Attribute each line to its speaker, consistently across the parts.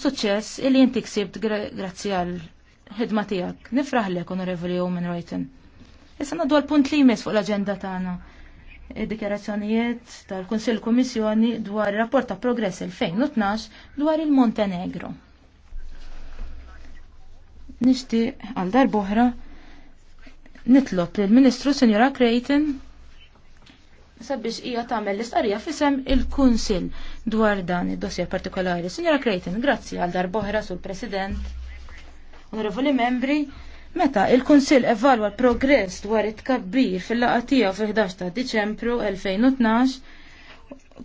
Speaker 1: suċċess li jinti ksibt grazzi għal ħidma tiegħek. Nifraħlek Onorevoli minn Reuten. Issa naddu għal punt li jmiss fuq l-aġenda tagħna. Id-dikjarazzjonijiet tal-Kunsill Kummissjoni dwar ir-rapport ta' progress 2012 dwar il-Montenegro. Nixtieq għal darbohra nitlob lill-Ministru Senjora Creighton sabiex hija tagħmel l istarija fisem il-Kunsill dwar dan id-dossier partikolari. Signora Creighton, grazzi għal darboħra sul President. Onorevoli membri, meta il-Kunsill evalwa l-progress dwar it-kabbir fil-laqgħa tiegħu fil-11 ta' Diċembru 2012,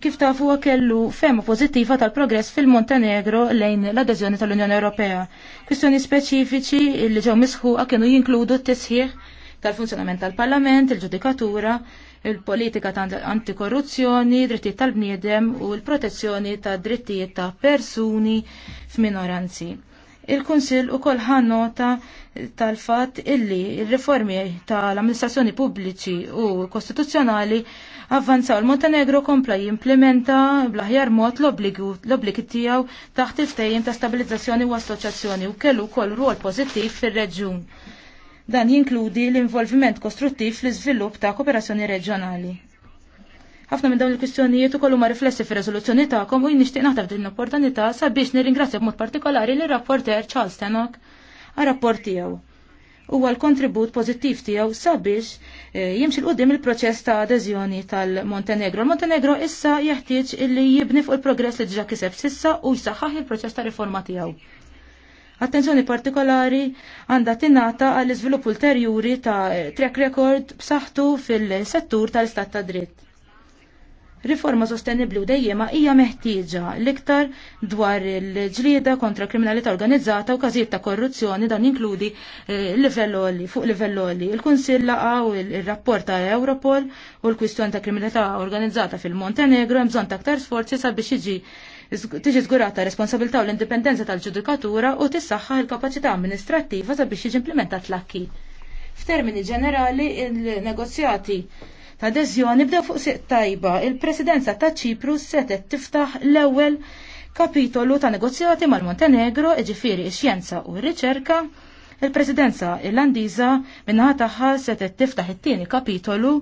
Speaker 1: kif ta' kellu fema pozittiva tal-progress fil-Montenegro lejn l-adeżjoni tal-Unjoni Ewropea. Kwistjoni speċifiċi li ġew misħuqa kienu jinkludu t-tisħiħ tal-funzjonament tal-Parlament, il-ġudikatura, il-politika ta' antikorruzzjoni, drittijiet tal-bniedem u l-protezzjoni ta' drittijiet ta' persuni f'minoranzi. Il-Kunsil u kolħan nota tal-fat illi il-reformi tal-amministrazzjoni pubbliċi u kostituzzjonali avvanzaw il-Montenegro kompla jimplementa blaħjar mod l-obbligi tiegħu taħt il-tejjim ta' stabilizzazzjoni u assoċjazzjoni u kellu kol rol pozittiv fir-reġjun Dan jinkludi l-involviment kostruttiv fl iżvilupp ta' kooperazzjoni reġjonali. Ħafna minn dawn il-kwistjonijiet ukoll ma riflessi fir-riżoluzzjoni tagħkom u jien nixtieq naħtaf din l-opportunità sabiex nirringrazzja b'mod partikolari lir rapporter Charles Tenok għar-rapport tiegħu. Huwa l-kontribut pożittiv tiegħu sabiex eh, jimxi l-qudiem il-proċess ta' adeżjoni tal-Montenegro. Il-Montenegro issa jeħtieġ illi jibni fuq il-progress li ġa kiseb sissa u jsaħħaħ il-proċess ta' riforma tiegħu. Attenzjoni partikolari għandha tingħata għall iżvilupp ulterjuri ta' track record b'saħħtu fil-settur tal-istat ta' dritt. Riforma sostenibli u dejjema hija meħtieġa l-iktar dwar il-ġlieda kontra kriminalità organizzata u każijiet ta' korruzzjoni dan l eh, livelloli fuq livelloli. Il-Kunsill u l rapport ta' Europol u l-kwistjoni ta' kriminalità organizzata fil-Montenegro hemm bżonn ta' aktar sforzi sabiex jiġi tiġi żgurata responsabilità u l-indipendenza tal-ġudikatura u tissaħħa l-kapaċità amministrattiva sabiex jiġi implementat l-akki. F'termini ġenerali, il-negozjati ta' adeżjoni bdew fuq siq tajba, il-presidenza ta' Ċipru setet tiftaħ l-ewwel kapitolu ta' negozjati mal-Montenegro, ġifiri ix-xjenza u r-riċerka, il-presidenza irlandiża minnaħa tagħha setet tiftaħ it-tieni kapitolu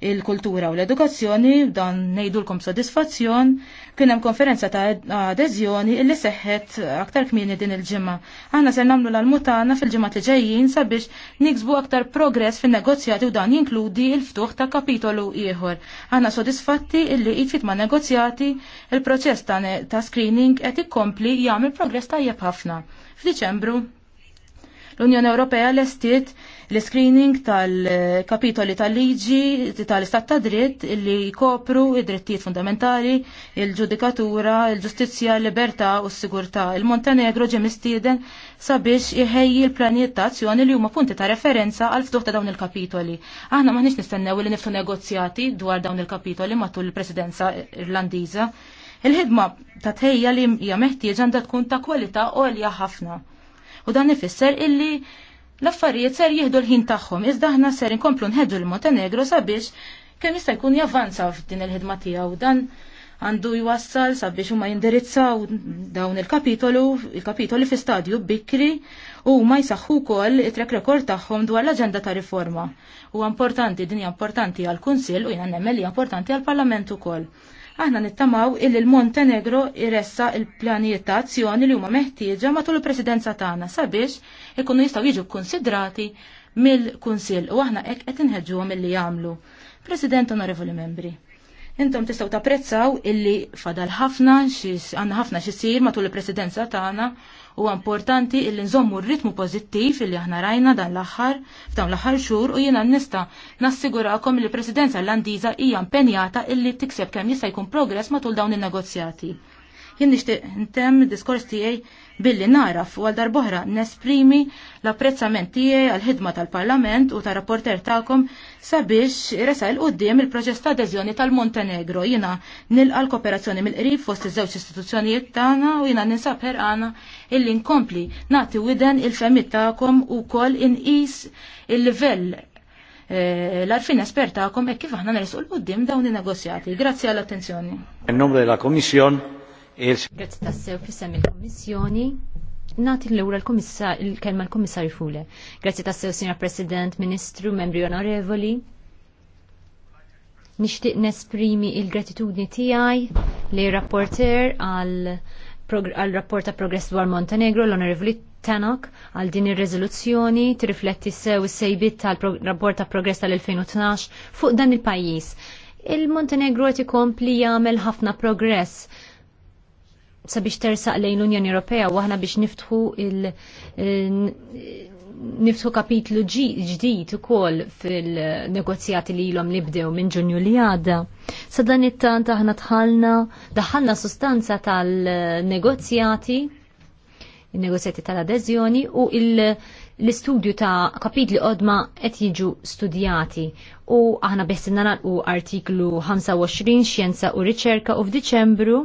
Speaker 1: il-kultura u l-edukazzjoni, dan nejdulkom sodisfazzjon, kienem konferenza ta' adeżjoni illi seħħet aktar kmini din il-ġimma. Għanna ser namlu l-almutana fil-ġimma li ġejjin sabiex niksbu aktar progress fin negozjati u dan jinkludi il-ftuħ ta' kapitolu ieħor. Għanna sodisfatti illi jitfit ma' negozjati il-proċess ta' screening qed ikkompli jagħmel progress tajjeb ħafna. F'Diċembru l-Unjoni Ewropea lestiet l-screening tal-kapitoli tal-liġi tal-istat ta' dritt li jkopru id-drittijiet fundamentali, il-ġudikatura, il-ġustizja, l-libertà u s-sigurtà. Il-Montenegro ġie mistieden sabiex iħejji l-planijiet ta' azzjoni li huma punti ta' referenza għal fduħ ta' dawn il-kapitoli. Aħna maħniex nistennew li niftu negozjati dwar dawn il-kapitoli matul il-presidenza irlandiża. Il-ħidma ta' tħejja li hija meħtieġ għandha tkun ta' kwalità għolja ħafna. U dan ifisser illi l-affarijiet ser jieħdu l-ħin tagħhom iżda aħna ser inkomplu nħeddu l-Montenegro sabiex kemm jista' jkun javvanza f'din il-ħidma tiegħu dan għandu jwassal sabiex huma jindirizzaw dawn il-kapitolu, il-kapitoli fi stadju bikri u ma jsaħħu wkoll it-trek rekord tagħhom dwar l-aġenda ta' riforma. U importanti, din hija importanti għall kunsill u jgħan nemmel importanti għall parlament ukoll Aħna nittamaw il il-Montenegro iressa il-planijiet ta' azzjoni li huma meħtieġa matul il-presidenza tagħna sabiex ikunu jistgħu jiġu konsidrati mill-Kunsill u aħna hekk qed inħeġġuhom milli jagħmlu. President Onorevoli Membri. Intom tistgħu tapprezzaw illi fadal ħafna xi għandna ħafna xi sir matul il-presidenza tagħna Huwa importanti illi nżommu r-ritmu pożittiv illi aħna rajna dan l-aħħar f'dawn l-aħħar xhur u jiena nista' nassigurakom li l-Presidenza Irlandiża hija impenjata illi tikseb kemm jista' jkun progress matul dawn in-negozjati. Jien nixtieq ntem diskors tiegħi billi naraf u għal boħra nesprimi l-apprezzament tiegħi għal ħidma tal-Parlament u ta' rapporter tagħkom sabiex resa il qoddim il-proċess ta' adeżjoni tal-Montenegro. Jiena nilqa l-kooperazzjoni mill-qrib fost iż-żewġ istituzzjonijiet tagħna u jiena ninsab ħerqana illi nkompli nagħti widen il-femmit tagħkom ukoll inqis il-livell eh, l-arfin espertakom e kif aħna nersu l-qoddim dawn i negozjati.
Speaker 2: Grazzi għall-attenzjoni. In nombre della Commission Grazzi tassew fissem il-Kommissjoni. Nati l-ewra il-kelma l komissari Fule. Grazzi tassew, Signor President, Ministru, Membri Onorevoli. Nishtiq nesprimi il-gratitudni tijaj li rapporter għal rapport ta' progress dwar Montenegro l-Onorevoli Tanok għal din ir ti rifletti sew is-sejbit tal-rapport ta' progress tal-2012 fuq dan il-pajjiż. Il-Montenegro qed ikompli jagħmel ħafna progress sabiex tersaq lejn l-Unjoni Ewropea u aħna biex niftħu il niftħu kapitlu ġdid ukoll fil-negozjati li ilhom li bdew minn Ġunju li għadda. Sa dan it-tant aħna tħallna daħħalna sustanza tal-negozjati il-negozjati tal-adeżjoni u l-istudju ta' kapitli qodma qed jiġu studjati u aħna bessinna nagħlqu artiklu 25 xjenza u riċerka u f'Diċembru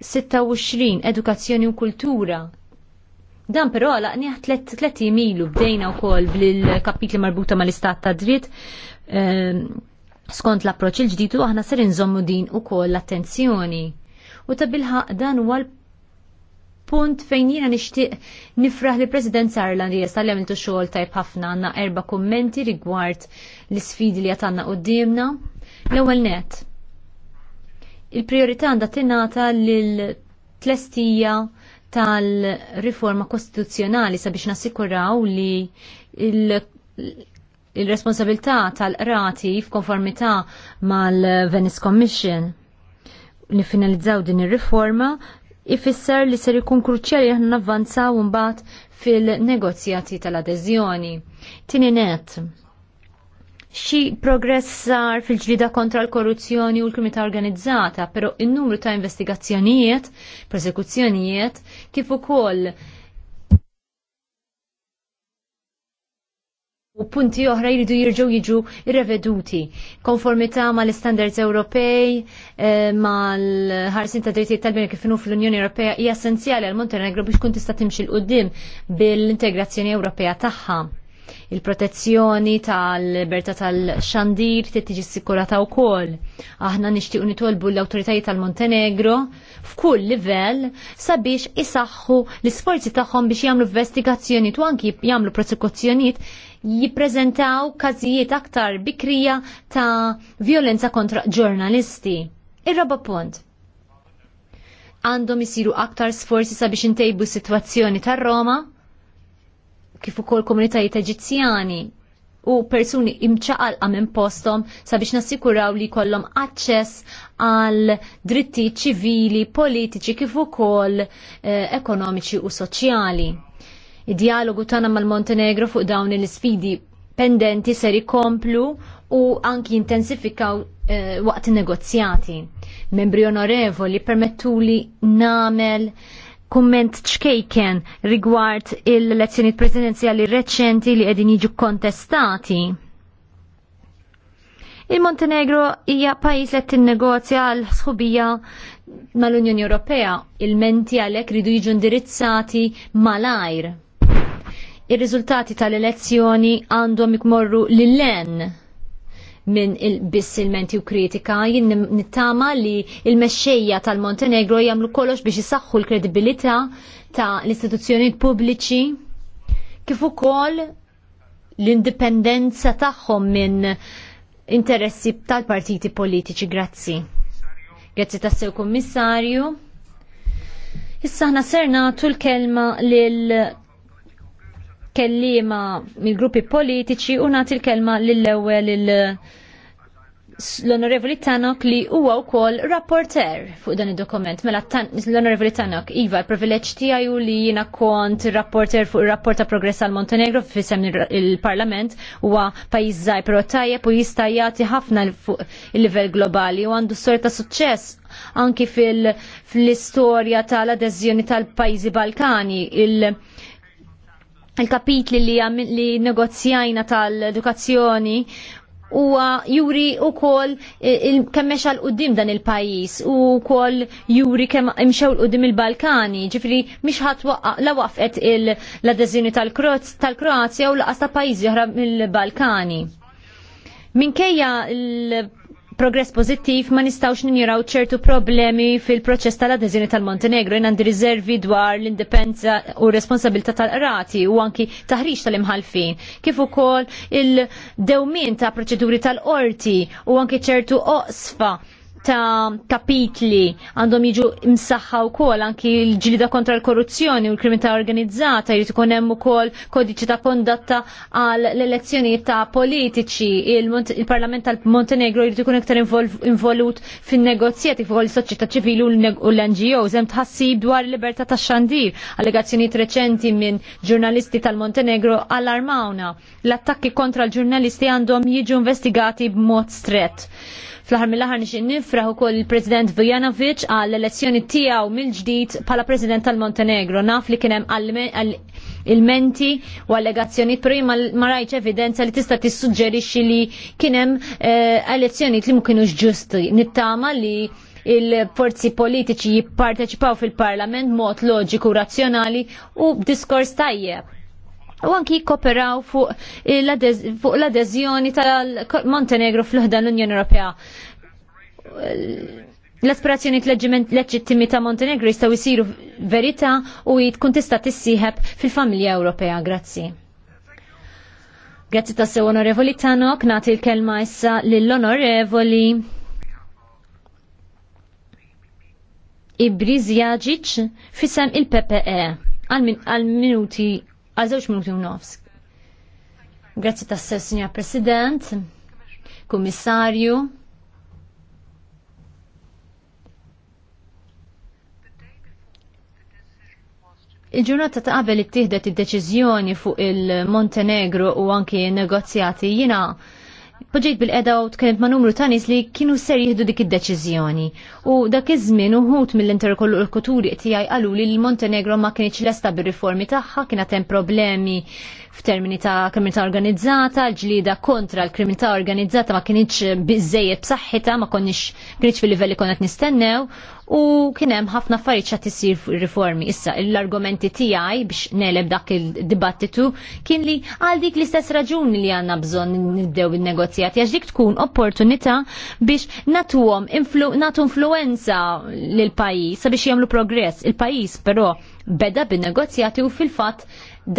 Speaker 2: 26 edukazzjoni u kultura. Dan però għalaqniħ 30 ilu bdejna wkoll bil-kapitli marbuta mal-istat ta' dritt ehm, skont l-approċ il-ġdidu aħna ser inżommu din ukoll l-attenzjoni. U ta' bilħaq dan huwa punt fejn jiena nixtieq nifraħ li President li sal għamiltu xogħol tajb ħafna għandna erba' kummenti rigward l-isfidi li għatanna d-dimna. L-ewwel net, il-priorità għandha tingħata lil tlestija tal-riforma kostituzzjonali sabiex nassikuraw li il-responsabilità il responsabilità tal qrati f'konformità mal-Venice Commission. li finalizzaw din ir-riforma ifisser li ser ikun kruċjali aħna navvanzaw mbagħad fil-negozjati tal-adeżjoni. Tini net, xi progress sar fil-ġlida kontra l-korruzzjoni u l-kriminalità organizzata, però in-numru ta' investigazzjonijiet, prosekuzzjonijiet, kif ukoll u punti oħra jridu jirġu jiġu irreveduti. Konformità ma l-standards Ewropej, eh, ma l-ħarsin ta' drittijiet tal-bini kif fl-Unjoni Ewropea hija essenzjali għal Montenegro biex kun tista' timxi l-qudiem bil-integrazzjoni Ewropea tagħha il-protezzjoni tal-libertà tal-xandir tittiġi tiġi sikurata wkoll. Aħna nixtiequ nitolbu l-awtoritajiet tal-Montenegro f'kull livell sabiex isaħħu l-isforzi tagħhom biex jagħmlu investigazzjonijiet u anki jagħmlu prosekuzzjonijiet jippreżentaw każijiet aktar bikrija ta' violenza kontra ġurnalisti. Ir-raba punt għandhom isiru aktar sforzi sabiex intejbu s-sitwazzjoni tar Roma kif ukoll komunitajiet Eġizzjani u persuni imċaqal minn postom sabiex nassikuraw li kollom aċċess għal dritti ċivili, politiċi kif ukoll eh, ekonomiċi u soċjali. Id-dialogu tagħna mal-Montenegro fuq dawn l-isfidi pendenti ser ikomplu u anki intensifikaw eh, waqt negozjati. Membri onorevoli permettuli namel kumment ċkejken rigward il-elezzjoni prezidenziali reċenti li qegħdin jiġu kontestati. Il-Montenegro hija pajjiż qed tinnegozja l-sħubija mal-Unjoni Ewropea. Il-menti għalhekk ridu jiġu indirizzati malajr. Ir-riżultati tal-elezzjoni għandhom ikmorru lil-len minn il-bissilmenti u kritika, jien nittama li il-mexxejja tal-Montenegro jagħmlu kollox biex isaħħu l-kredibilità ta' l-istituzzjonijiet pubbliċi kif ukoll l-indipendenza tagħhom minn interessi tal-partiti politiċi. Grazzi. Grazzi tassew kummissarju. Issa ħna ser nagħtu l-kelma lil kellima mill-gruppi politiċi u nagħti l-kelma lill-ewwel l-Onorevoli Tanok li huwa wkoll rapporter fuq dan id-dokument. Mela l-Onorevoli Tanok, iva, l-privileġġ tiegħi li jiena kont rapporter fuq ir-rapport ta' progress għal Montenegro fisem il-Parlament huwa pajjiż żgħir però tajjeb u jista' jagħti ħafna fuq il-livell globali u għandu sorta suċċess anki fil-istorja tal-adeżjoni tal-pajjiżi Balkani. il il-kapitli li, li negozjajna tal-edukazzjoni huwa juri u kol kemmex għal qoddim dan il-pajis u kol juri kemm imxew l qoddim il-Balkani ġifri mish ħat la waqfet l-adeżjoni tal-Kroazja u laqas ta' pajis oħra mill-Balkani. Minkejja progress pozittiv ma nistawx ninjuraw ċertu problemi fil-proċess tal-adeżjoni tal-Montenegro in għandi riservi dwar l-indipendenza u responsabilità tal-qrati u anki taħriġ tal-imħalfin. Kif ukoll il-dewmien ta' proċeduri tal-qorti u anki ċertu oqsfa ta' kapitli għandhom jiġu msaħħa wkoll anki l ġilida kontra l-korruzzjoni u l-kriminalità organizzata jrid ikun hemm ukoll kodiċi ta' kondatta għal l-elezzjonijiet ta' politiċi il-Parlament tal-Montenegro jrid ikun iktar involut fin-negozjati fuq il soċjetà ċivili u l-NGOs hemm tħassib dwar il-libertà tax-xandir allegazzjonijiet reċenti minn ġurnalisti tal-Montenegro allarmawna l-attakki kontra l-ġurnalisti għandhom jiġu investigati b'mod strett. Fl-aħħar mill-aħħar nixin nifraħu ukoll il-President Vujanovic għall elezzjoni tiegħu mill-ġdid bħala President tal-Montenegro. Naf li kien hemm il-menti u allegazzjoni pero ma marajċ evidenza li tista' tissuġġerixxi li kien hemm eh, elezzjonijiet li ma ġusti. Nittama li il-forzi politiċi jipparteċipaw fil-parlament mod loġiku razzjonali u diskors tajjeb U anki kooperaw fuq l-adeżjoni tal-Montenegro fl-ħdan l-Unjoni Ewropea. L-aspirazzjoni t-leġiment leġittimi ta' Montenegro jistaw jisiru verità u tkun tista' tissieħeb fil-familja Ewropea. Grazzi. Grazzi ta' sew onorevoli Tanok, nagħti l-kelma issa lill-onorevoli Ibriz Jaġiċ fisem il-PPE għal minuti għal żewġ minuti u nofs. Grazzi tassew, Signor President, Kummissarju. Il-ġurnata ta' qabel it-tihdet id-deċiżjoni fuq il-Montenegro u anki negozjati jina poġejt bil-qeda u tkellimt ma' numru ta' nies li kienu ser jieħdu dik id-deċiżjoni. U dak iż-żmien uħut mill-interkollokuturi tiegħi qalu li l-Montenegro ma kienx lesta bir-riformi tagħha, kien hemm problemi f'termini ta' kriminalità organizzata, ġlida kontra l-kriminalità organizzata ma kienx biżejjed b'saħħitha, ma konniex kienx fil-livell li konna nistennew u kien hemm ħafna affarijiet xa tisir riformi. Issa l-argumenti tiegħi biex neleb dak il-dibattitu kien li għal dik l-istess raġuni li għandna bżonn nibdew in-negozjat għax dik tkun opportunità biex natuhom influ, natu influenza lil pajjiż sabiex jagħmlu progress. Il-pajjiż però beda bin-negozjati u fil-fatt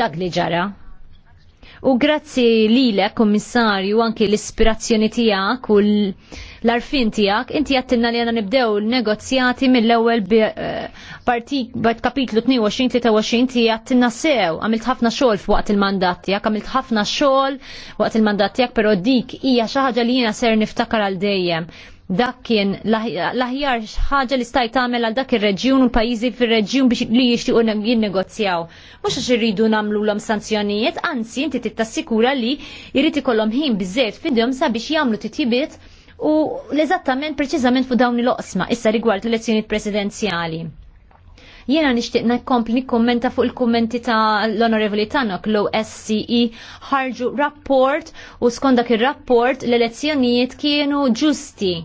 Speaker 2: dak li ġara U grazzi lilek, kommissarju, anki l-ispirazzjoni tijak u l-arfin tijak, inti jattinna li għana nibdew l-negozjati mill-ewel eh, partik bat kapitlu 22-23 ti jattinna sew, għamilt ħafna xol f'waqt il-mandat tijak, għamilt ħafna xol waqt il-mandat tijak, pero dik hija xaħġa li jina ser niftakar għal dejjem dak kien l-aħjar ħaġa li stajt tagħmel għal dak ir-reġjun u l-pajjiżi fir-reġjun biex li jixtiequ jinnegozjaw. Mhux għax irridu nagħmluhom sanzjonijiet, anzi inti tittassikura li jrid ikollhom ħin biżejjed fidhom sabiex jagħmlu titjibiet u l-eżattament preċizament fuq dawn il-oqsma issa rigward l-elezzjonijiet presidenzjali. Jiena nixtieq nikkompli nikkommenta fuq il-kummenti ta' l-Onorevoli Tanok l osce ħarġu rapport u skont dak ir-rapport l-elezzjonijiet kienu ġusti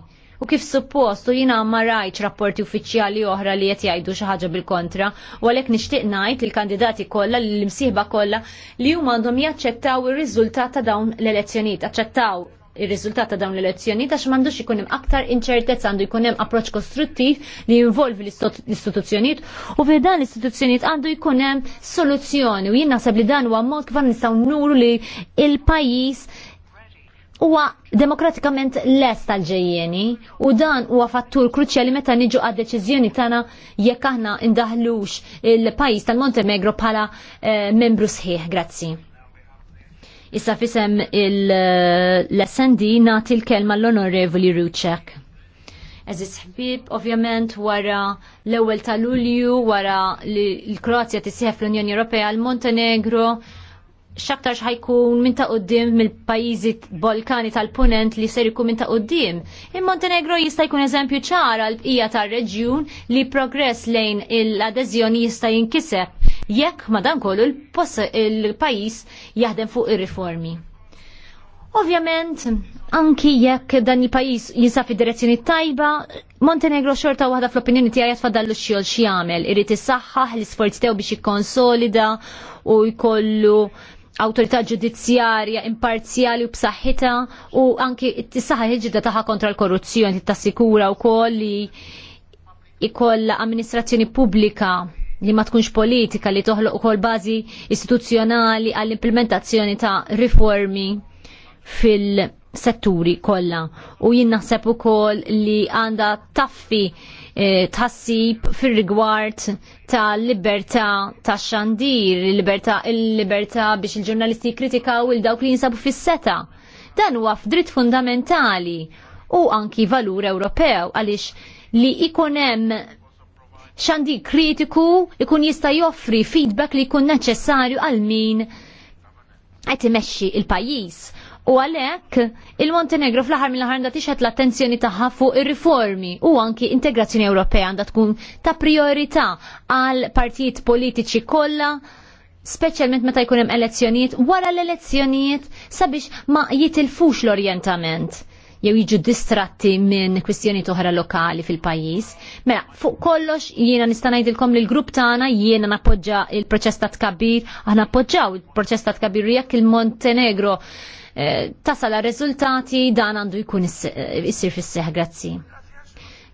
Speaker 2: U kif suppostu jina ma rajċ rapporti uffiċjali oħra li qed jgħidu xi ħaġa bil-kontra, u għalhekk nixtieq ngħid il-kandidati kollha l-imsieħba kollha li huma għandhom jaċċettaw ir-riżultat ta' dawn l-elezzjonijiet, aċċettaw il-rizultat ta' dawn l-elezzjoni għax m'għandux ikun hemm aktar inċertezza għandu jkun hemm approċċ kostruttiv li jinvolvi l-istituzzjonijiet u fi dan l-istituzzjonijiet għandu jkun hemm soluzzjoni u jien naħseb li dan huwa mod kif nistgħu nuru li il-pajjiż huwa demokratikament lest tal-ġejjeni u dan huwa fattur kruċjali meta niġu għad deċiżjoni tagħna jekk aħna indaħlux il-pajjiż tal-Montenegro bħala eh, membru sħiħ. Grazzi. Issa fisem l-SND nagħti l-kelma l-Onorevoli Ruċek. Eżis ħbib, ovvjament, wara l ewwel ta' Lulju, wara li l-Kroazja tisieħ fl-Unjoni Ewropea, l-Montenegro xaktar ħajkun minn ta' qoddim mill-pajizi Balkani tal-Punent li ser ikun minn ta' qoddim. Il-Montenegro jista' jkun eżempju ċara l-bqija tar-reġjun li progress lejn l-adeżjoni jista' jinkiseb jekk madankollu il pajjiż jaħdem fuq ir-riformi. Ovvjament, anki jekk dan il-pajis jinsa fi direzzjoni tajba, Montenegro xorta waħda fl-opinjoni tiegħi jatfadallu xogħol xiamel, jagħmel, irid isaħħaħ l-isforzi tew biex jikkonsolida u jkollu autorità ġudizzjarja imparzjali u b'saħħitha u anki t-tisaħħa ħiġda taħħa kontra l-korruzzjoni tassikura wkoll li ikolla amministrazzjoni pubblika li ma tkunx politika li toħloq ukoll bażi istituzzjonali għall-implementazzjoni ta' riformi fil-setturi kollha u jien naħseb ukoll li għandha taffi Eh, tassib fil-rigward ta' libertà ta' xandir, il-libertà biex il-ġurnalisti kritikaw il-dawk li jinsabu fis-seta. Dan huwa f'dritt fundamentali u anki valur Ewropew għaliex li ikonem xandir kritiku ikun jista' joffri feedback li jkun neċessarju għal min qed imexxi il-pajjiż U għalhekk il-Montenegro fl-aħħar mill ħar għandha tixħed l-attenzjoni tagħha fuq ir-riformi u anki integrazzjoni Ewropea għandha tkun ta' priorità għal partijiet politiċi kollha speċjalment meta jkun hemm elezzjonijiet wara l-elezzjonijiet sabiex ma jitilfux l-orjentament jew jiġu distratti minn kwistjoni oħra lokali fil-pajjiż. Mela, fuq kollox jiena nista' ngħidilkom li l-grupp tagħna jiena nappoġġa il-proċess ta' tkabir, aħna appoġġaw il-proċess ta' tkabbir jekk il-Montenegro Eh, tasala rezultati dan għandu jkun eh, issir fis grazzi.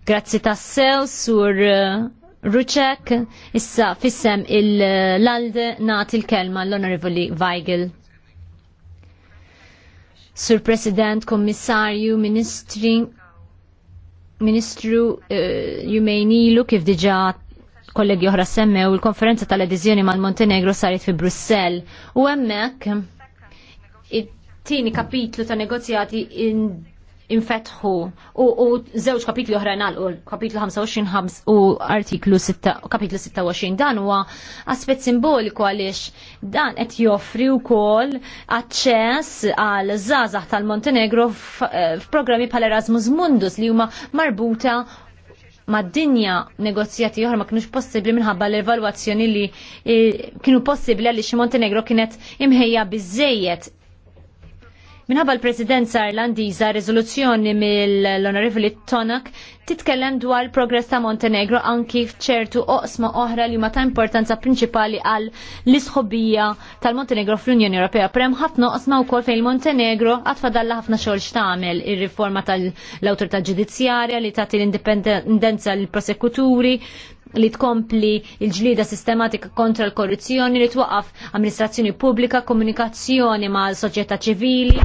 Speaker 2: Grazzi tassew sur eh, Ruċek, issa fissem il-lalde nat il-kelma l-Onorevoli Weigel. Sur President, Kommissarju, Ministri, Ministru uh, jumejnilu kif diġa kollegi oħra semmew il-konferenza tal-adizjoni mal-Montenegro saret fi Brussell u hemmhekk tini tieni kapitlu ta' negozjati in infetħu u, u zewġ kapitli oħrajn għal kapitlu 25 u artiklu 6, kapitlu 26 dan huwa aspett simboliku għaliex dan qed joffri wkoll aċċess għal żgħażagħ tal-Montenegro eh, f'programmi bħal Erasmus Mundus li huma marbuta ma' dinja negozjati oħra ma kienux possibli minħabba l-evalwazzjoni li eh, kienu possibli għaliex Montenegro kienet imħejja biżejjed Minħabba l-Presidenza Irlandiża riżoluzzjoni mill-Onorevoli Tonak titkellem dwar progress ta' Montenegro anki f'ċertu oqsma oħra li ma ta' importanza prinċipali għal l-isħobija tal-Montenegro fl-Unjoni Ewropea. Prem ħafna oqsma wkoll fejn il-Montenegro għad fadalla ħafna xogħol xtamel ir-riforma tal-awtorità ġudizzjarja li tagħti l-indipendenza l-prosekuturi li tkompli il-ġlida sistematika kontra l-korruzzjoni li twaqaf amministrazzjoni pubblika, komunikazzjoni ma' soċjetà ċivili,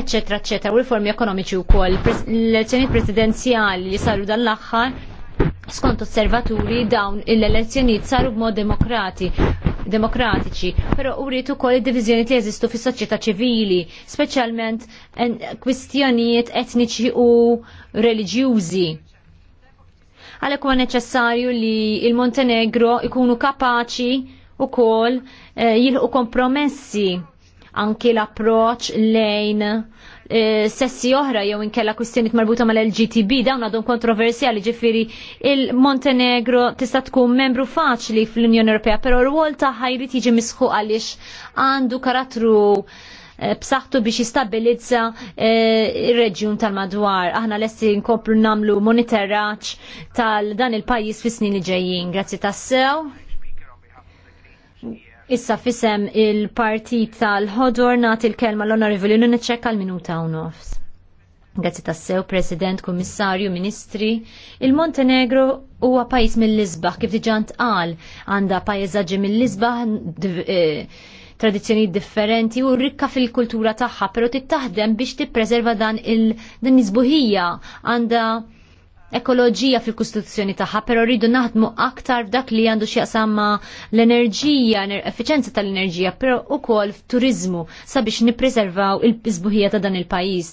Speaker 2: eccetera, eccetera, u riformi ekonomiċi u koll. L-elezzjoni presidenziali li saru dan l-axħar skont osservaturi dawn l-elezzjonijiet saru b'mod demokrati demokratiċi, pero rritu kol id-divizjoni li jeżistu fis soċjetà ċivili, speċjalment kwistjonijiet etniċi u reliġjużi għalhekk huwa neċessarju li il-Montenegro ikunu kapaċi u kol eh, jilħu kompromessi anki l-approċ lejn eh, sessi oħra jew inkella kwistjoniet marbuta mal-LGTB dawn għadhom kontroversjali ġifiri il-Montenegro tista' tkun membru faċli fl-Unjoni Ewropea, però r wol tagħha jrid jiġi misħu għaliex għandu karattru Eh, b'saħħtu biex jistabilizza eh, ir-reġjun tal-madwar. Aħna lesti nkopru namlu monitoraġġ tal-dan il-pajjiż fis-snin li ġejjin. Grazzi tassew. Issa fisem il-partit tal-ħodor nat il-kelma l-onorevoli l għal-minuta u nofs. Grazzi tassew, President, Kummissarju, Ministri, il-Montenegro huwa pajis mill-Lisbaħ, kif diġant qal, għanda pajjiżaġġi mill-Lisbaħ eh, tradizzjoni differenti u rikka fil-kultura tagħha, però tittaħdem biex tippreserva dan il-din iżbuħija għandha ekoloġija fil-Kostituzzjoni tagħha, però rridu naħdmu aktar f'dak li għandu x'jaqsam ma' l-enerġija, effiċenza tal-enerġija, però ukoll f'turiżmu sabiex nippreservaw il-isbuħija ta' dan il-pajjiż.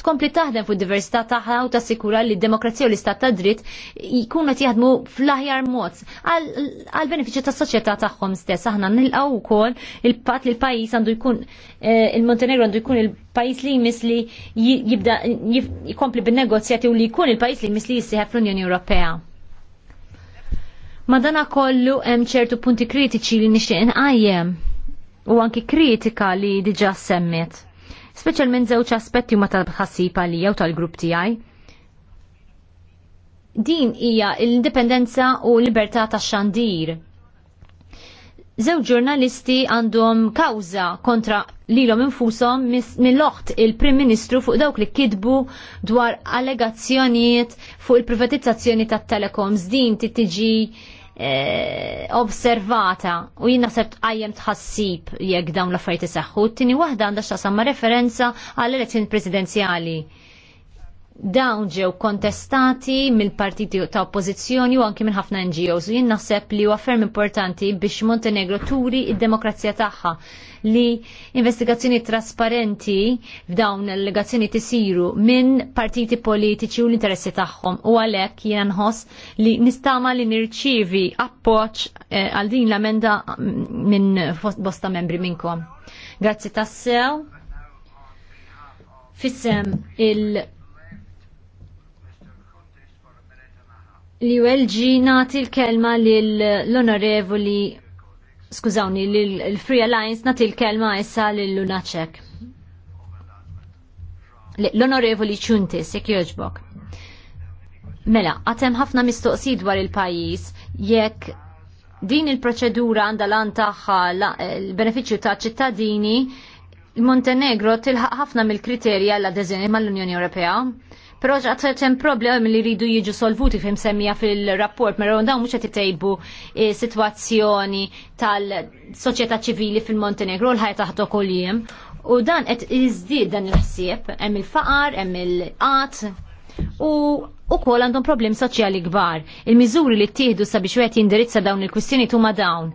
Speaker 2: Tkompli taħdem fuq diversità tagħha u tassikura li d-demokrazija u l-istat ta' dritt jkunu qed jaħdmu fl-aħjar mod għal benefiċċju tas-soċjetà tagħhom stess. Aħna nilqgħu wkoll il-patt li l-pajjiż għandu jkun eh, il-Montenegro għandu jkun il pajis li misli jibda jikompli bin-negozjati u li jkun il-pajis li misli jissiħa fl-Unjoni Ewropea. Madana kollu hemm ċertu punti kritiċi li nixtieq inqajjem u anki kritika li diġa' semmet. Speċjalment żewġ aspetti huma tal-ħassib għalija u tal-grupp tiegħi din hija l-indipendenza u l-libertà tax-xandir. Żewġ ġurnalisti għandhom kawża kontra lilhom infushom mill-oħt il-Prim Ministru fuq dawk li kidbu dwar allegazzjonijiet fuq il-privatizzazzjoni tat-telekoms din titiġi eh, observata u jien naħseb għajjem tħassib jekk dawn l-affarijiet isaħħu. Tini waħda għandha x'taqsam ma' referenza għall elezzjoni presidenzjali dawn ġew kontestati mill-partiti ta' oppożizzjoni u anki minn ħafna NGOs u jien naħseb li huwa ferm importanti biex Montenegro turi id-demokrazija tagħha li investigazzjoni trasparenti f'dawn l-legazzjoni tisiru minn partiti politiċi u l-interessi tagħhom u għalhekk jiena nħoss li nistama li nirċievi appoġġ eh, għal din l-amenda mm, minn bosta membri minnkom. Grazzi tassew. Fissem il- li welġi nati l-kelma l-onorevoli, skużawni, l-Free Alliance nati l-kelma issa l-Lunacek. L-onorevoli ċuntis, jek joġbok. Mela, għatem ħafna mistoqsi dwar il-pajis, jekk din il-proċedura għandha lan tagħha l-benefiċċju ta' ċittadini, il-Montenegro tilħaq ħafna mill-kriterja l-adeżjoni mal-Unjoni Ewropea Pero ġaqt hemm problem li rridu jiġu solvuti fim semmija fil-rapport, ma dawn mhux qed itejbu eh, sitwazzjoni tal soċieta ċivili fil-Montenegro l-ħajja taħto kolijem. U dan qed iżdied dan il-ħsieb, hemm il-faqar, hemm il-qat, u ukoll għandhom problemi soċjali kbar. Il-miżuri li ttieħdu sabiex wieħed jindirizza dawn il-kwistjoni huma dawn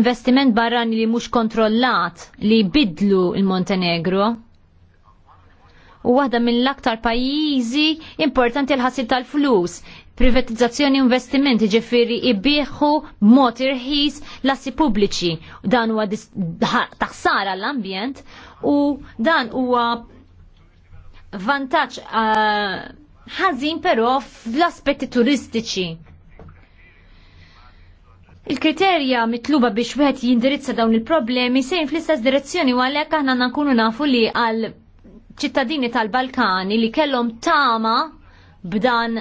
Speaker 2: investiment barrani li mhux kontrollat li bidlu il-Montenegro u waħda mill-aktar pajjiżi importanti l-ħasil tal-flus privatizzazzjoni investimenti ġifiri ibieħu mod irħis lassi pubbliċi. Dan huwa taħsara l-ambjent u dan huwa vantaġġ eh, ħażin uh, però fl-aspetti turistiċi. Il-kriterja mitluba biex wieħed jindirizza dawn il-problemi sejn fl-istess direzzjoni u għalhekk aħna nkunu nafu li għal ċittadini tal-Balkani li kellhom tama b'dan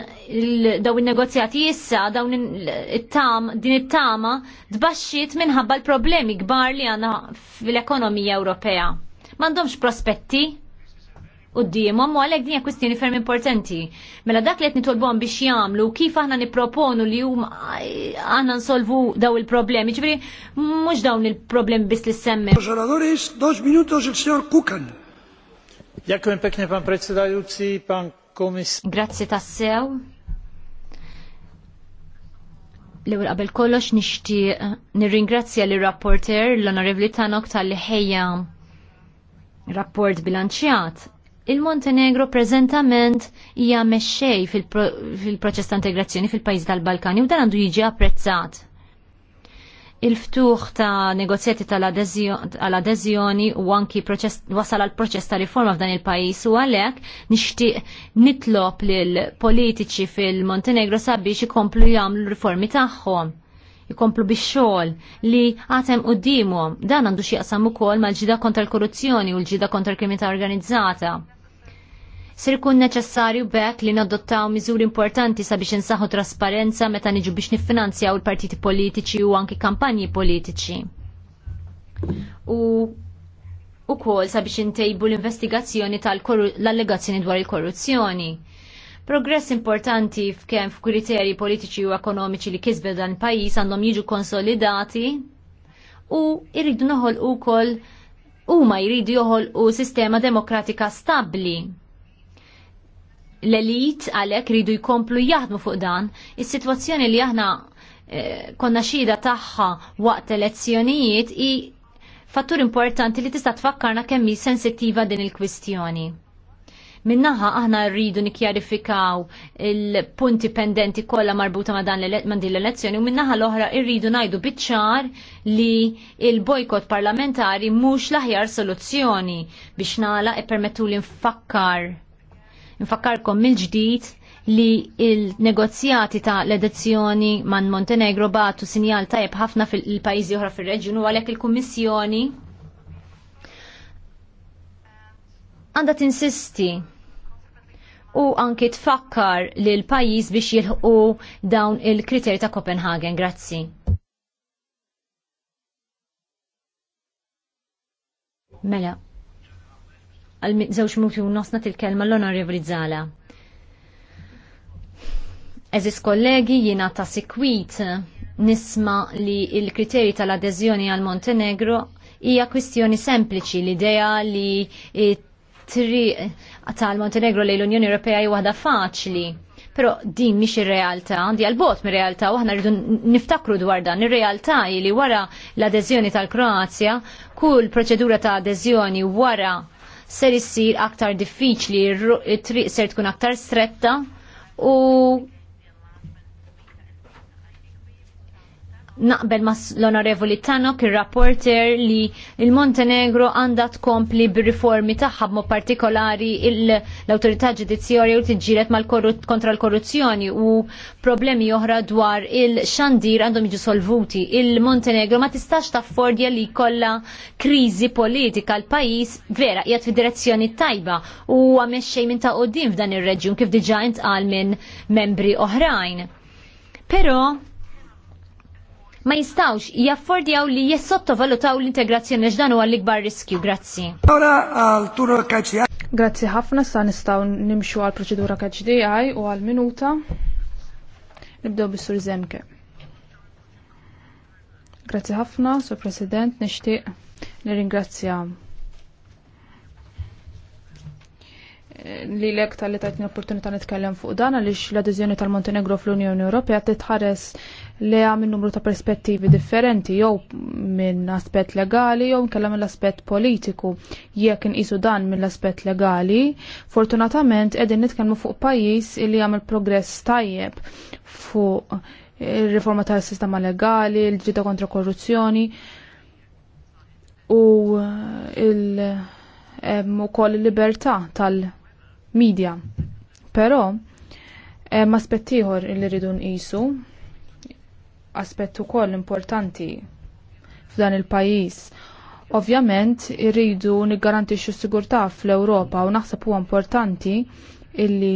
Speaker 2: dawn il-negozjati issa, dawn it-tam, din it-tama tbaxxiet minħabba l-problemi kbar li għandna fil-ekonomija Ewropea. M'għandhomx prospetti u d-diemom u għalek dinja kwistjoni ferm importanti. Mela dak li qed nitolbuhom biex jagħmlu kif aħna nipproponu li hum għandna nsolvu daw il-problemi, ġifieri mhux dawn il-problemi biss li semmi. Dos minutos il Kukan. Ďakujem Grazzi tassew. L-ewwel qabel kollox nixtieq nirringrazzja lir rapporter l-Onorevli Tanok tal-li ħejja rapport bilanċjat il-Montenegro preżentament hija mexxej fil-proċess ta' integrazzjoni fil-pajjiż tal-Balkani u dan għandu jiġi apprezzat il-ftuħ ta' negozjati tal-adeżjoni u anki wasal għal proċess ta' riforma f'dan il-pajis u għalek nixtieq nitlob lil politiċi fil-Montenegro sabiex ikomplu jagħmlu riformi tagħhom Ikomplu bix xogħol li għatem u dimu. dan għandu xieqsam ukoll mal-ġida kontra l-korruzzjoni u l-ġida kontra l krimita organizzata Sir ikun neċessarju bekk li nadottaw miżuri importanti sabiex insaħu trasparenza meta niġu biex niffinanzjaw il-partiti politiċi u anki kampanji politiċi. U kol sabiex intejbu l-investigazzjoni tal-allegazzjoni dwar il-korruzzjoni. Progress importanti f'kemm f'kriterji politiċi u ekonomiċi li kisbet dan il pajis għandhom jiġu konsolidati u irridu noħol u kol u ma jridu joħol u sistema demokratika stabli l-elit għalek ridu jkomplu jaħdmu fuq dan, is-sitwazzjoni li aħna eh, konna xida taħħa waqt elezzjonijiet i fattur importanti li tista' tfakkarna kemm hi sensittiva din il-kwistjoni. Minnaħa aħna rridu nikjarifikaw il-punti pendenti kollha marbuta ma' dan din l-elezzjoni u minnaħa l-oħra rridu ngħidu bitċar li il-bojkot parlamentari mhux l-aħjar soluzzjoni biex nagħlaq e permettu li nfakkar Infakkarkom mill-ġdid li il-negozjati ta' l-edizzjoni man Montenegro batu sinjal tajb ħafna fil-pajjiżi oħra fil-reġjun u għalhekk il-Kummissjoni għandha tinsisti u anki tfakkar li l-pajjiż biex jilħqu dawn il-kriterji ta' Copenhagen. Grazzi. Mela, għal żewġ minuti u nosna til-kelma l-Onorevoli Zala. Eżis kollegi jiena ta' sikwit nisma li il-kriteri tal-adeżjoni għal Montenegro hija kwistjoni sempliċi l-idea li tri tal-Montenegro lejn l-Unjoni Ewropea hi waħda faċli. Però din mhix ir-realtà, di għal bot mir-realtà u aħna rridu niftakru dwar dan. Ir-realtà li wara l-adeżjoni tal-Kroazja, kull proċedura ta' adeżjoni wara ser issir aktar diffiċli, it-triq ser tkun aktar stretta u naqbel ma l-onorevoli Tanok, il-rapporter li il-Montenegro għandat tkompli bil riformi tagħha mo partikolari l-autorità ġudizzjoni u t-ġiret kontra l-korruzzjoni u problemi oħra dwar il-xandir għandhom iġu solvuti. Il-Montenegro ma tistax taffordja li kolla kriżi politika l-pajjiż vera qiegħed fid-direzzjoni tajba u għamexxej minn ta' qudiem f'dan ir-reġjun kif diġà intqal minn membri oħrajn. Però ma jistawx jaffordjaw li jessottovalutaw l-integrazzjoni ġdan u għall-ikbar riskju. Grazzi.
Speaker 3: Ora għal-turu kaċdijaj. Grazzi ħafna sa nistaw nimxu għal-proċedura kaċdijaj u għal-minuta. Nibdew bis-sur Zemke. Grazzi ħafna, sur President, nishtiq nirringrazzja li l tal-li tajtni opportunità nitkellem fuq dan għaliex l-adeżjoni tal-Montenegro fl-Unjoni Ewropea titħares li minn numru ta' perspettivi differenti jew minn aspett legali jew kellha mill aspett politiku jekk inqisu dan mill-aspett legali. Fortunatament qegħdin nitkellmu fuq pajjiż li jagħmel progress tajjeb fuq ir-riforma tas-sistema legali, l-ġita kontra korruzzjoni u il koll il-libertà tal-medja. Però ma aspett ieħor li rridu nqisu aspett ukoll importanti f'dan il-pajjiż. Ovvjament irridu niggarantixxu s-sigurtà fl-Ewropa u naħseb huwa importanti illi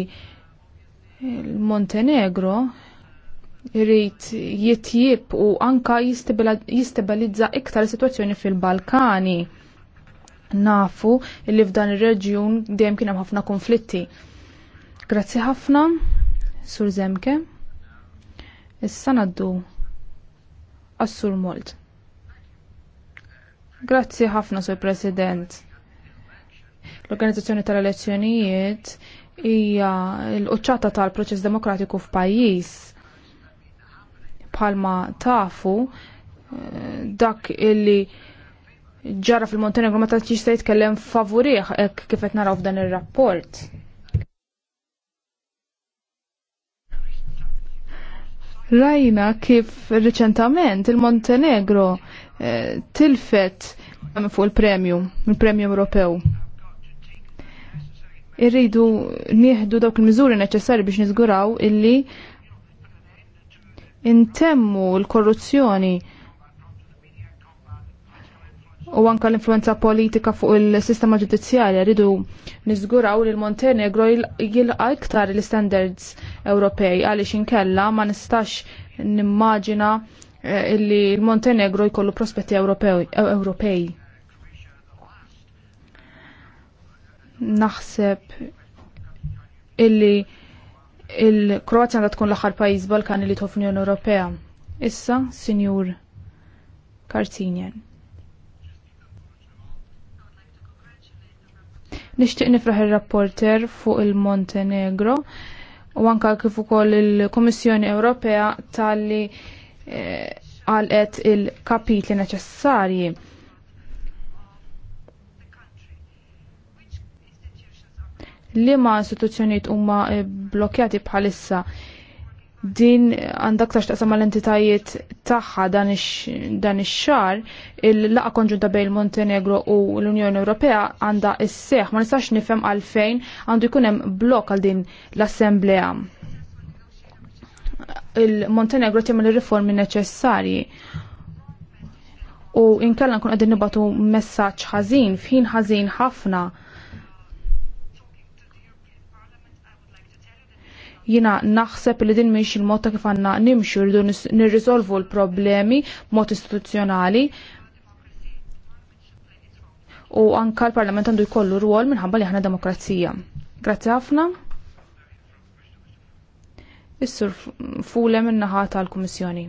Speaker 3: il-Montenegro irrid jitjib u anka jistabilizza iktar situazzjoni fil-Balkani. Nafu li f'dan ir-reġjun dejjem kien hemm ħafna konflitti. Grazzi ħafna, Sur Zemke. Issa naddu Assur mult. Grazzi ħafna, Sur President. L-organizzazzjoni tal-elezzjonijiet hija l qċata tal-proċess demokratiku f'pajjiż. Palma tafu eh, dak illi ġara fil-Montenegro ma tatx jista' jitkellem favorih hekk kif qed naraw f'dan ir-rapport. Rajna kif reċentament il-Montenegro eh, tilfet fuq il-premju, il-premju Ewropew. Irridu nieħdu dawk il-miżuri neċessarji biex nizguraw illi intemmu l-korruzzjoni u anka l-influenza politika fuq il-sistema ġudizzjali rridu niżguraw li l-Montenegro jilqa iktar l-standards Ewropej għaliex inkella ma nistax nimmaġina eh, illi l-Montenegro jkollu prospetti Ewropej. Naħseb illi il-Kroatja għandha tkun l-aħħar pajjiż Balkani li tħof Unjoni Ewropea. Issa, Sinjur Kartinjen. Nixtieq nifraħ ir-rapporter fuq il-Montenegro u anka kif ukoll il-Kummissjoni Ewropea talli eh, għalqet il-kapitli neċessarji. ma istituzzjonijiet huma blokkjati bħalissa din għandak tax taqsam l-entitajiet tagħha dan ix-xar il-laqa konġunta bejn Montenegro u l-Unjoni Ewropea għandha s-seħ ma nistax nifhem għalfejn għandu jkun hemm blok għal din l-assemblea. Il-Montenegro tagħmel ir-riformi neċessarji u inkella nkun qegħdin nibatu messaġġ ħażin f'ħin ħażin ħafna Jina naħseb li din miex il motta kif għanna nimxu rridu nirrisolvu l-problemi mod istituzzjonali u anka l-Parlament għandu jkollu rwol minħabba li ħana demokrazija. Grazzi ħafna. Is-sur Fule minnaħa tal-Kummissjoni.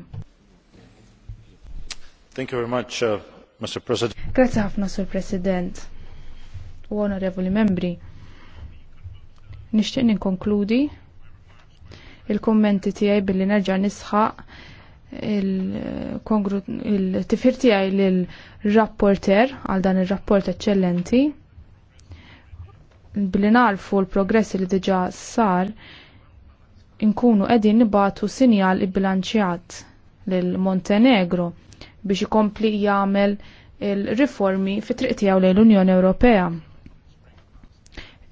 Speaker 2: Thank you very much, uh, Mr. President.
Speaker 3: Grazzi ħafna, Sur President. U onorevoli membri. Nixtieq ninkonkludi il-kommenti tiegħi billi nerġa' nisħaq il-tifir tiegħi lill-rapporter għal dan ir-rapport eċċellenti. Billi narfu l-progressi li diġà sar inkunu qegħdin nibatu sinjal ibbilanċjat lil Montenegro biex ikompli jagħmel il-riformi fit triq tiegħu lejn l-Unjoni Ewropea.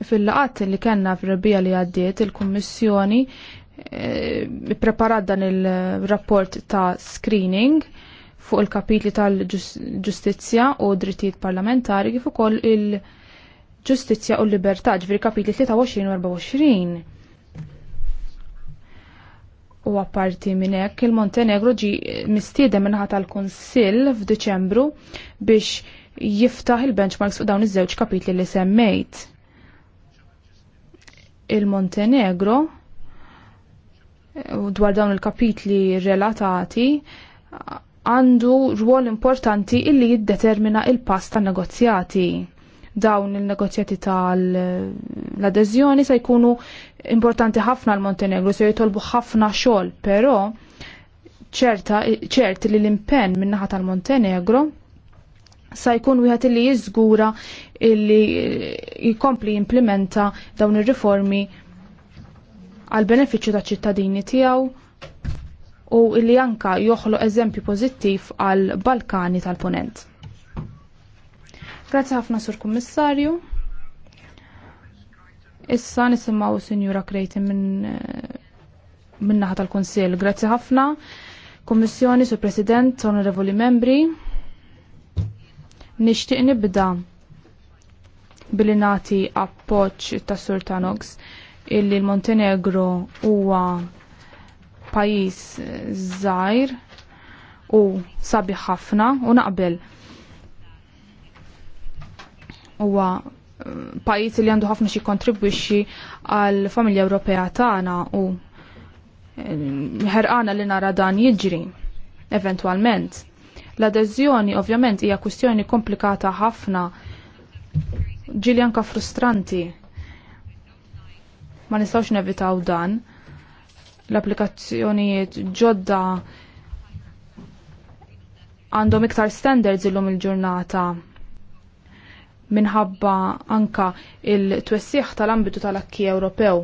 Speaker 3: Fil-laqat li kellna fir-rebija li għaddiet il-Kummissjoni Eh, preparat dan il-rapport ta' screening fuq il-kapitli tal-ġustizzja u drittijiet parlamentari kif ukoll il-ġustizzja u l-libertà ġifieri kapitli 23 u 24. U apparti minn hekk il-Montenegro ġi mistiedem minħata tal-Kunsill f'Diċembru biex jiftaħ il-benchmarks fuq dawn iż-żewġ kapitli li semmejt. Il-Montenegro u dwar dawn il-kapitli relatati għandu rwol importanti illi jiddetermina il-pass ta' negozjati. Dawn il-negozjati tal-adezjoni se jkunu importanti ħafna l-Montenegro, se jitolbu ħafna xogħol, però ċerta ċert li l-impenn min-naħa tal-Montenegro sa jkun wieħed illi jiżgura illi jkompli jimplementa dawn ir-riformi il għal benefiċċju ta' ċittadini tiegħu u illi anka joħlo eżempju pożittiv għal Balkani tal-Ponent. Grazzi ħafna Sur Kummissarju. Issa nisimgħu Sinjura Krejti minn eh, naħa tal-Kunsill. Grazzi ħafna. Kommissjoni, Sur President, Onorevoli Membri. Nixtieq nibda billi nagħti appoġġ tas Sur Tanox illi l-Montenegro huwa pajjiż żgħir u sabi ħafna u naqbel huwa eh, pajis li għandu ħafna xi kontribwixxi għall familja Ewropea tagħna u eh, ħerqana li nara dan jiġri eventwalment. L-adeżjoni ovvjament hija kwistjoni komplikata ħafna ġili anke frustranti ma nistawx nevitaw dan. L-applikazzjonijiet ġodda għandhom iktar standards illum il-ġurnata minħabba anka il-twessiħ tal-ambitu tal-akki Ewropew.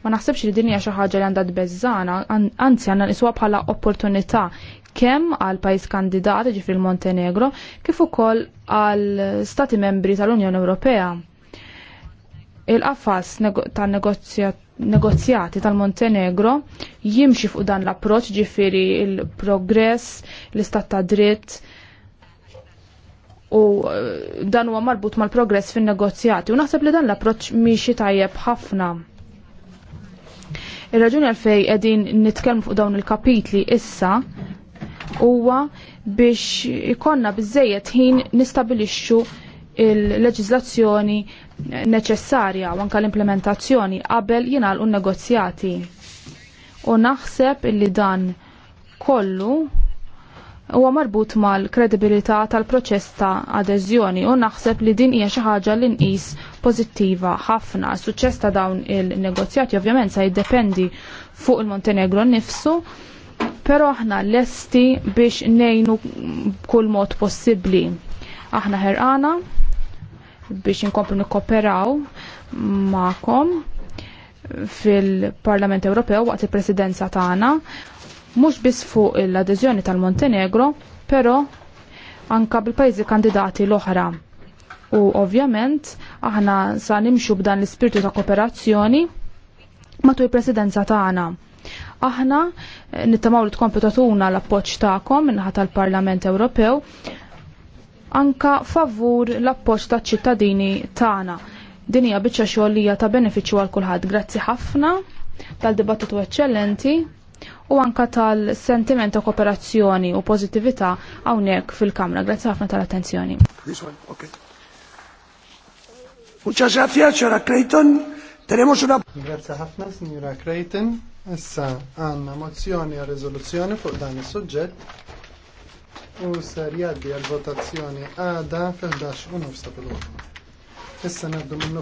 Speaker 3: Ma naħsebx li dinja xi ħaġa li għandha tbeżżana, anzi għandna niswa bħala opportunità kemm għal pajjiż kandidat ġifri il montenegro kif ukoll għal stati membri tal-Unjoni Ewropea il-qafas tan negozjati tal-Montenegro jimxi fuq dan l-approċ ġifiri il-progress, l-istat ta' dritt u eh, dan huwa marbut mal-progress fin negozjati u naħseb li dan l-approċ miexi tajjeb ħafna. Ir-raġuni għalfej qegħdin nitkellmu fuq dawn il-kapitli issa huwa biex ikonna biżejjed ħin nistabilixxu il-leġizlazzjoni neċessarja u anka l-implementazzjoni qabel jingħalqu negozjati. U naħseb li dan kollu huwa marbut mal-kredibilità tal-proċess ta' adeżjoni u naħseb li din hija xi ħaġa li nqis pożittiva ħafna. Suċċess ta' dawn il-negozjati ovvjament se jiddependi fuq il-Montenegro nnifsu, però aħna lesti biex nejnu b'kull mod possibbli. Aħna ħerqana biex inkomplu nikkoperaw ma'kom fil-Parlament Ewropew waqt il-presidenza tagħna mhux biss fuq l-adeżjoni tal-Montenegro, però anka bil-pajjiżi kandidati l-oħra. U ovvjament aħna sa nimxu b'dan l-ispirtu ta' kooperazzjoni matul il-presidenza tagħna. Aħna nittamaw li tkomplu tatuna l-appoġġ tagħkom minħata tal-Parlament Ewropew anka favur l-appoġġ taċ-ċittadini tagħna. Din hija biċċa xogħolija ta' benefiċċju għal kulħadd. Grazzi ħafna tal-dibattitu eċċellenti u anka tal-sentiment ta' kooperazzjoni u pożittività hawnhekk fil-Kamra. Grazzi ħafna tal-attenzjoni.
Speaker 2: Muchas gracias, señora Creighton. Tenemos una... Grazie ħafna, signora Creighton. Issa għanna mozzjoni għal rezoluzzjoni fuq dan is-suġġett u ser jaddi għal-votazzjoni għada fil-11 u nofsa bil-għodma.
Speaker 3: Issa naddu minnu